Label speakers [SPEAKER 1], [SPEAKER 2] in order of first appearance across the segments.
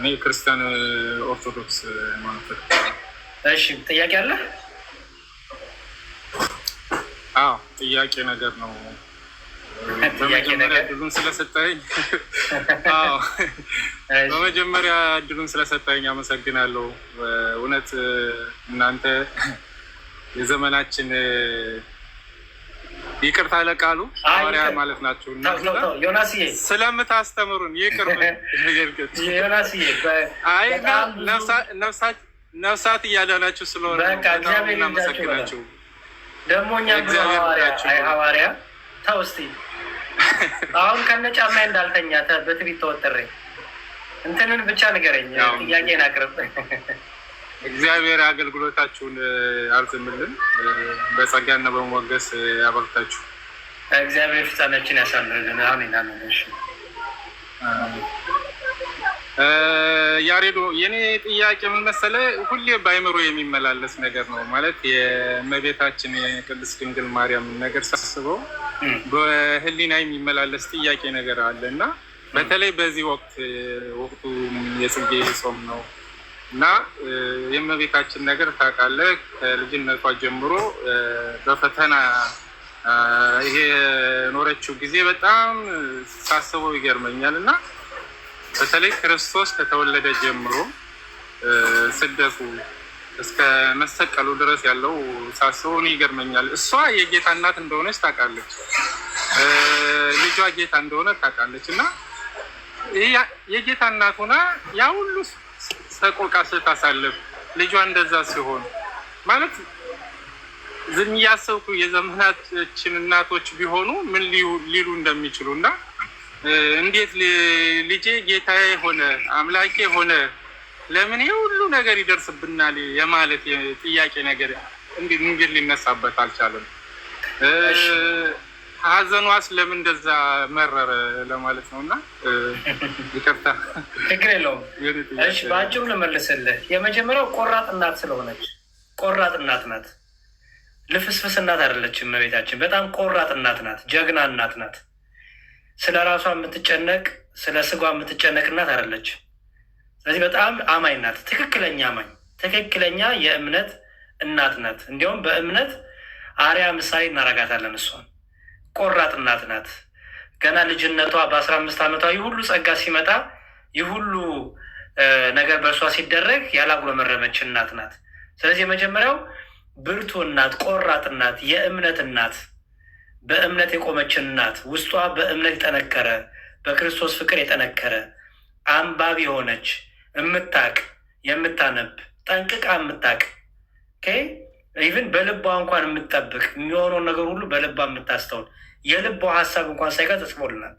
[SPEAKER 1] እኔ ክርስቲያን ኦርቶዶክስ ሃይማኖት።
[SPEAKER 2] እሺ ጥያቄ አለ?
[SPEAKER 1] አዎ ጥያቄ ነገር ነው። በመጀመሪያ እድሉን ስለሰጠኝ በመጀመሪያ እድሉን ስለሰጠኝ አመሰግናለሁ። እውነት እናንተ የዘመናችን ይቅርታ ለቃሉ
[SPEAKER 2] ሐዋርያ ማለት ናቸው።
[SPEAKER 1] ስለምታስተምሩን ይቅር ነፍሳት እያዳናችሁ ስለሆነ
[SPEAKER 2] እናመሰግናችሁ። ደግሞ እኛ ሐዋርያ ተው እስኪ አሁን ከነ እንዳልተኛ በትቢት ተወጥሬ እንትንን ብቻ ንገረኝ። ጥያቄን አቅርብ
[SPEAKER 1] እግዚአብሔር አገልግሎታችሁን አርዝምልን በጸጋና በሞገስ ያበርታችሁ።
[SPEAKER 2] እግዚአብሔር ፍጻሜያችን ያሳምርልን። አሜን አሜን።
[SPEAKER 1] ያሬዶ፣ የኔ ጥያቄ ምን መሰለ፣ ሁሌ በአይምሮ የሚመላለስ ነገር ነው ማለት የእመቤታችን የቅድስት ድንግል ማርያም ነገር ሳስበው በህሊና የሚመላለስ ጥያቄ ነገር አለ እና በተለይ በዚህ ወቅት ወቅቱ የጽጌ ጾም ነው እና የእመቤታችን ነገር ታውቃለህ፣ ከልጅነቷ ጀምሮ በፈተና ይሄ ኖረችው ጊዜ በጣም ሳስበው ይገርመኛል። እና በተለይ ክርስቶስ ከተወለደ ጀምሮ ስደቱ እስከ መሰቀሉ ድረስ ያለው ሳስበውን ይገርመኛል። እሷ የጌታ እናት እንደሆነች ታውቃለች፣ ልጇ ጌታ እንደሆነ ታውቃለች። እና የጌታ እናት ሆና ያ ሁሉ ሰቆቃ ስታሳልፍ ልጇ እንደዛ ሲሆን ማለት ዝም እያሰብኩ የዘመናችን እናቶች ቢሆኑ ምን ሊሉ እንደሚችሉ እና እንዴት ልጄ ጌታዬ ሆነ አምላኬ ሆነ ለምን የሁሉ ነገር ይደርስብናል የማለት ጥያቄ ነገር እንዴት ሊነሳበት አልቻለም። ሀዘኗስ ለምን እንደዛ መረረ ለማለት ነው። እና
[SPEAKER 2] ይቅርታ ችግር የለውም። እሺ በአጭሩ ልመልስልህ። የመጀመሪያው ቆራጥ እናት ስለሆነች ቆራጥ እናት ናት። ልፍስፍስ እናት አይደለችም። እመቤታችን በጣም ቆራጥ እናት ናት። ጀግና እናት ናት። ስለ ራሷ የምትጨነቅ ስለ ስጓ የምትጨነቅ እናት አይደለችም። ስለዚህ በጣም አማኝ ናት። ትክክለኛ አማኝ፣ ትክክለኛ የእምነት እናት ናት። እንዲሁም በእምነት አሪያ ምሳሌ እናረጋታለን እሷን ቆራጥ እናት ናት። ገና ልጅነቷ በአስራ አምስት ዓመቷ ይህ ሁሉ ጸጋ ሲመጣ ይህ ሁሉ ነገር በእርሷ ሲደረግ ያላጉረመረመች እናት ናት። ስለዚህ የመጀመሪያው ብርቱ እናት፣ ቆራጥ እናት፣ የእምነት እናት፣ በእምነት የቆመች እናት፣ ውስጧ በእምነት የጠነከረ በክርስቶስ ፍቅር የጠነከረ አንባቢ የሆነች የምታቅ የምታነብ ጠንቅቃ የምታቅ ኢቨን በልቧ እንኳን የምትጠብቅ የሚሆነውን ነገር ሁሉ በልባ የምታስተውል የልቧ ሀሳብ እንኳን ሳይቀር ተጽፎልናል።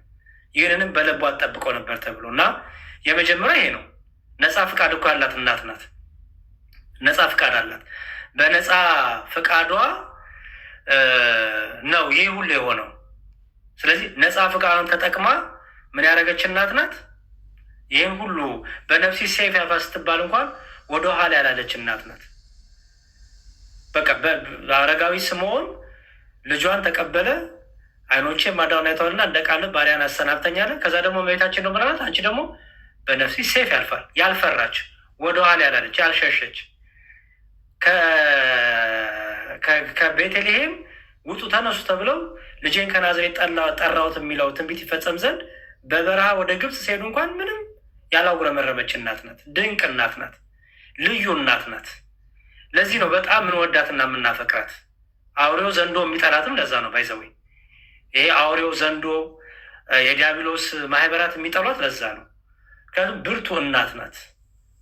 [SPEAKER 2] ይህንንም በልቧ አትጠብቀው ነበር ተብሎ እና የመጀመሪያ ይሄ ነው። ነፃ ፍቃድ እኮ ያላት እናት ናት። ነፃ ፍቃድ አላት። በነፃ ፍቃዷ ነው ይህ ሁሉ የሆነው። ስለዚህ ነፃ ፍቃዷን ተጠቅማ ምን ያደረገች እናት ናት። ይህም ሁሉ በነፍሲ ሴፍ ያልፋት ስትባል እንኳን ኋላ ያላለች እናት ናት። በቃ አረጋዊ ስምዖን ልጇን ተቀበለ። አይኖቼ ማዳን አይተዋልና እንደ ቃል ባሪያን አሰናብተኛለ። ከዛ ደግሞ መቤታችን ነው ምናላት አንቺ ደግሞ በነፍሲ ሴፍ ያልፋል ያልፈራች ወደኋላ ያላለች ያልሸሸች ከቤተልሔም ውጡ ተነሱ ተብለው ልጄን ከናዝሬት ጠራሁት የሚለው ትንቢት ይፈጸም ዘንድ በበረሃ ወደ ግብፅ ሲሄዱ እንኳን ምንም ያላጉረመረመች እናት ናት። ድንቅ እናት ናት። ልዩ እናት ናት። ለዚህ ነው በጣም ምንወዳትና የምናፈቅራት። አውሬው ዘንዶ የሚጠላትም ለዛ ነው። ባይዘወይ ይሄ አውሬው ዘንዶ የዲያብሎስ ማህበራት የሚጠሏት ለዛ ነው። ምክንያቱም ብርቱ እናት ናት።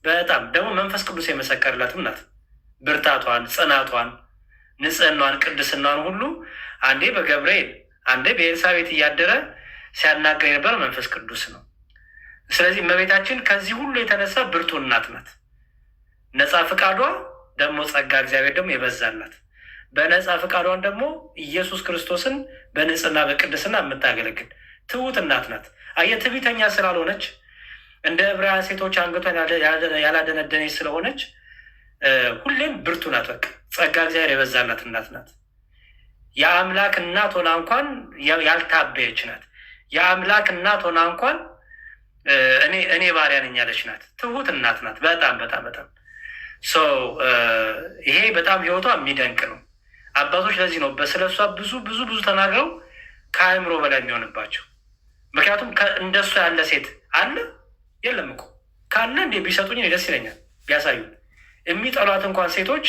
[SPEAKER 2] በጣም ደግሞ መንፈስ ቅዱስ የመሰከርላትም ናት። ብርታቷን፣ ጽናቷን፣ ንጽህናዋን፣ ቅድስናዋን ሁሉ አንዴ በገብርኤል አንዴ በኤልሳቤት እያደረ ሲያናገር የነበረ መንፈስ ቅዱስ ነው። ስለዚህ እመቤታችን ከዚህ ሁሉ የተነሳ ብርቱ እናት ናት። ነፃ ፈቃዷ ደግሞ ጸጋ እግዚአብሔር ደግሞ የበዛላት በነፃ ፈቃዷን ደግሞ ኢየሱስ ክርስቶስን በንጽህና በቅድስና የምታገለግል ትሁት እናት ናት። አየ ትቢተኛ ስላልሆነች እንደ ዕብራውያን ሴቶች አንገቷን ያላደነደነች ስለሆነች ሁሌም ብርቱ ናት። በቃ ጸጋ እግዚአብሔር የበዛላት እናት ናት። የአምላክ እናት ሆና እንኳን ያልታበየች ናት። የአምላክ እናት ሆና እንኳን እኔ ባሪያ ነኝ ያለች ናት። ትሁት እናት ናት። በጣም በጣም በጣም ይሄ በጣም ህይወቷ የሚደንቅ ነው። አባቶች ለዚህ ነው ስለ እሷ ብዙ ብዙ ብዙ ተናግረው ከአእምሮ በላይ የሚሆንባቸው። ምክንያቱም እንደሷ ያለ ሴት አለ የለም እኮ ካለ እንዴ ቢሰጡኝ ደስ ይለኛል፣ ቢያሳዩ የሚጠሏት እንኳን ሴቶች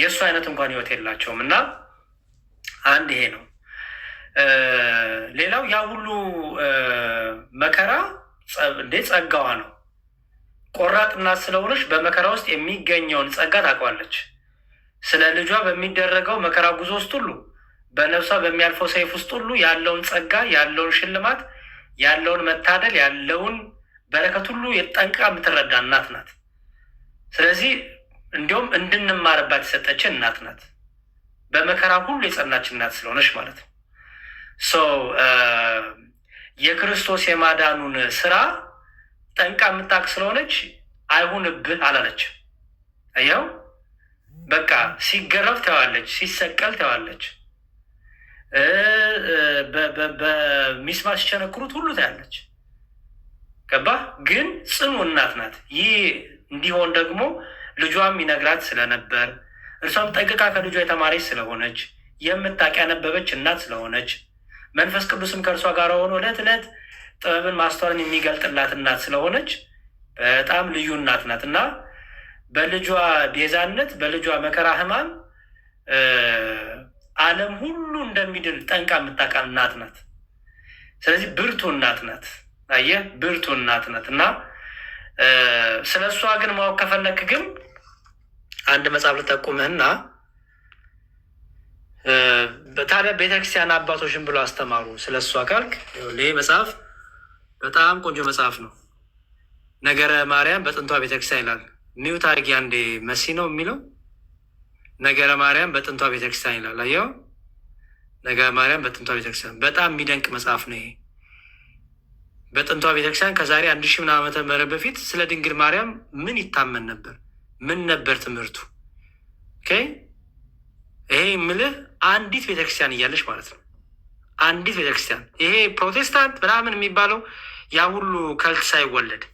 [SPEAKER 2] የእሱ አይነት እንኳን ህይወት የላቸውም። እና አንድ ይሄ ነው። ሌላው ያ ሁሉ መከራ እንዴ ጸጋዋ ነው ቆራጥና ስለሆነች በመከራ ውስጥ የሚገኘውን ጸጋ ታውቋለች። ስለ ልጇ በሚደረገው መከራ ጉዞ ውስጥ ሁሉ በነፍሷ በሚያልፈው ሰይፍ ውስጥ ሁሉ ያለውን ጸጋ፣ ያለውን ሽልማት፣ ያለውን መታደል፣ ያለውን በረከት ሁሉ የጠንቅቃ የምትረዳ እናት ናት። ስለዚህ እንዲሁም እንድንማርባት የሰጠችን እናት ናት። በመከራ ሁሉ የጸናች እናት ስለሆነች ማለት ነው። uh, የክርስቶስ የማዳኑን ስራ ጠንቃ የምታቅ ስለሆነች አይሁንብህ አላለች። እያው በቃ ሲገረፍ ተዋለች፣ ሲሰቀል ተዋለች፣ በሚስማ ሲቸነክሩት ሁሉ ታያለች። ገባ ግን ጽኑ እናት ናት። ይህ እንዲሆን ደግሞ ልጇም ይነግራት ስለነበር እርሷም ጠንቅቃ ከልጇ የተማረች ስለሆነች የምታውቅ ያነበበች እናት ስለሆነች መንፈስ ቅዱስም ከእርሷ ጋር ሆኖ ዕለት ዕለት ጥበብን ማስተዋልን የሚገልጥላት እናት ስለሆነች በጣም ልዩ እናት ናት እና በልጇ ቤዛነት በልጇ መከራ ህማም ዓለም ሁሉ እንደሚድን ጠንቃ የምታውቃል እናት ናት። ስለዚህ ብርቱ እናት ናት። አየህ ብርቱ እናት ናት እና ስለ እሷ ግን ማወቅ ከፈለክ ግን አንድ መጽሐፍ ልጠቁምህና ታዲያ ቤተክርስቲያን አባቶችን ብሎ አስተማሩ። ስለ እሱ አካልክ ይህ መጽሐፍ በጣም ቆንጆ መጽሐፍ ነው። ነገረ ማርያም በጥንቷ ቤተክርስቲያን ይላል። ኒው ታርጊ አንዴ መሲ ነው የሚለው ነገረ ማርያም በጥንቷ ቤተክርስቲያን ይላል። አየው ነገረ ማርያም በጥንቷ ቤተክርስቲያን በጣም የሚደንቅ መጽሐፍ ነው። ይሄ በጥንቷ ቤተክርስቲያን ከዛሬ አንድ ሺህ ምናምን ዓመተ ምህረት በፊት ስለ ድንግል ማርያም ምን ይታመን ነበር? ምን ነበር ትምህርቱ? ይሄ የምልህ አንዲት ቤተክርስቲያን እያለች ማለት ነው። አንዲት ቤተክርስቲያን ይሄ ፕሮቴስታንት ምናምን የሚባለው ያ ሁሉ ከልት ሳይወለድ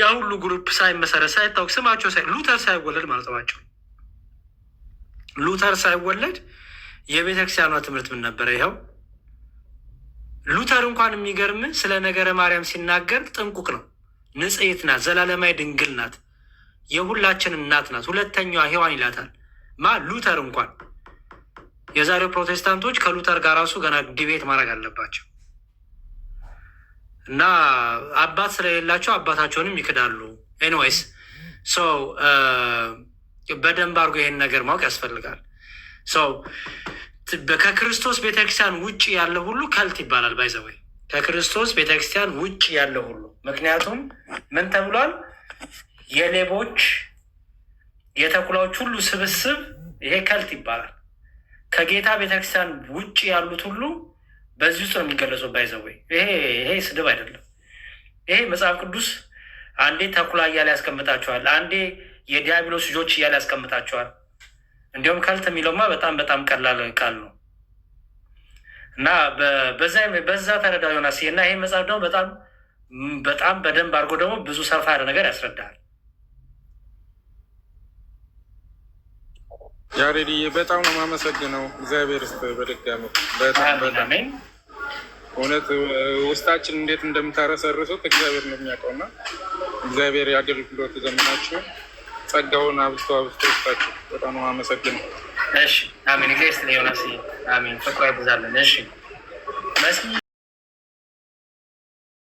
[SPEAKER 2] ያ ሁሉ ግሩፕ ሳይመሰረት ሳይታወቅ ስማቸው ሉተር ሳይወለድ ማለት ናቸው። ሉተር ሳይወለድ የቤተክርስቲያኗ ትምህርት ምን ነበረ? ይኸው ሉተር እንኳን የሚገርም ስለ ነገረ ማርያም ሲናገር ጥንቁቅ ነው። ንጽሕት ናት፣ ዘላለማዊ ድንግል ናት፣ የሁላችን እናት ናት፣ ሁለተኛዋ ሔዋን ይላታል ማ ሉተር እንኳን የዛሬው ፕሮቴስታንቶች ከሉተር ጋር ራሱ ገና ዲቤት ማድረግ አለባቸው እና አባት ስለሌላቸው አባታቸውንም ይክዳሉ። ኤኒዌይስ ሰው uh, በደንብ አድርጎ ይሄን ነገር ማወቅ ያስፈልጋል። ሰው ከክርስቶስ ቤተክርስቲያን ውጭ ያለ ሁሉ ከልት ይባላል። ባይዘወይ ከክርስቶስ ቤተክርስቲያን ውጭ ያለ ሁሉ ምክንያቱም ምን ተብሏል? የሌቦች የተኩላዎች ሁሉ ስብስብ ይሄ ከልት ይባላል። ከጌታ ቤተክርስቲያን ውጭ ያሉት ሁሉ በዚህ ውስጥ ነው የሚገለጹ። ባይዘው ይሄ ይሄ ስድብ አይደለም። ይሄ መጽሐፍ ቅዱስ አንዴ ተኩላ እያለ ያስቀምጣቸዋል፣ አንዴ የዲያብሎስ ልጆች እያለ ያስቀምጣቸዋል። እንዲሁም ከልት የሚለውማ በጣም በጣም ቀላል ቃል ነው እና በዛ ተረዳ ሆና እና መጽሐፍ ደግሞ በጣም በጣም በደንብ አድርጎ ደግሞ ብዙ ሰፋ ያለ ነገር ያስረዳል።
[SPEAKER 1] ያሬድዬ በጣም ነው የማመሰግነው። እግዚአብሔር ስ በድጋሚ
[SPEAKER 2] በጣም በጣም
[SPEAKER 1] እውነት ውስጣችን እንዴት እንደምታረሰርሱት እግዚአብሔር ነው የሚያውቀውና እግዚአብሔር የአገልግሎት ዘመናችሁ ጸጋውን አብዝቶ አብዝቶ ውስጣችሁ በጣም ነው የማመሰግነው።
[SPEAKER 2] እሺ አሜን። ሆነ አሜን። ፍቅር ብዛለን። እሺ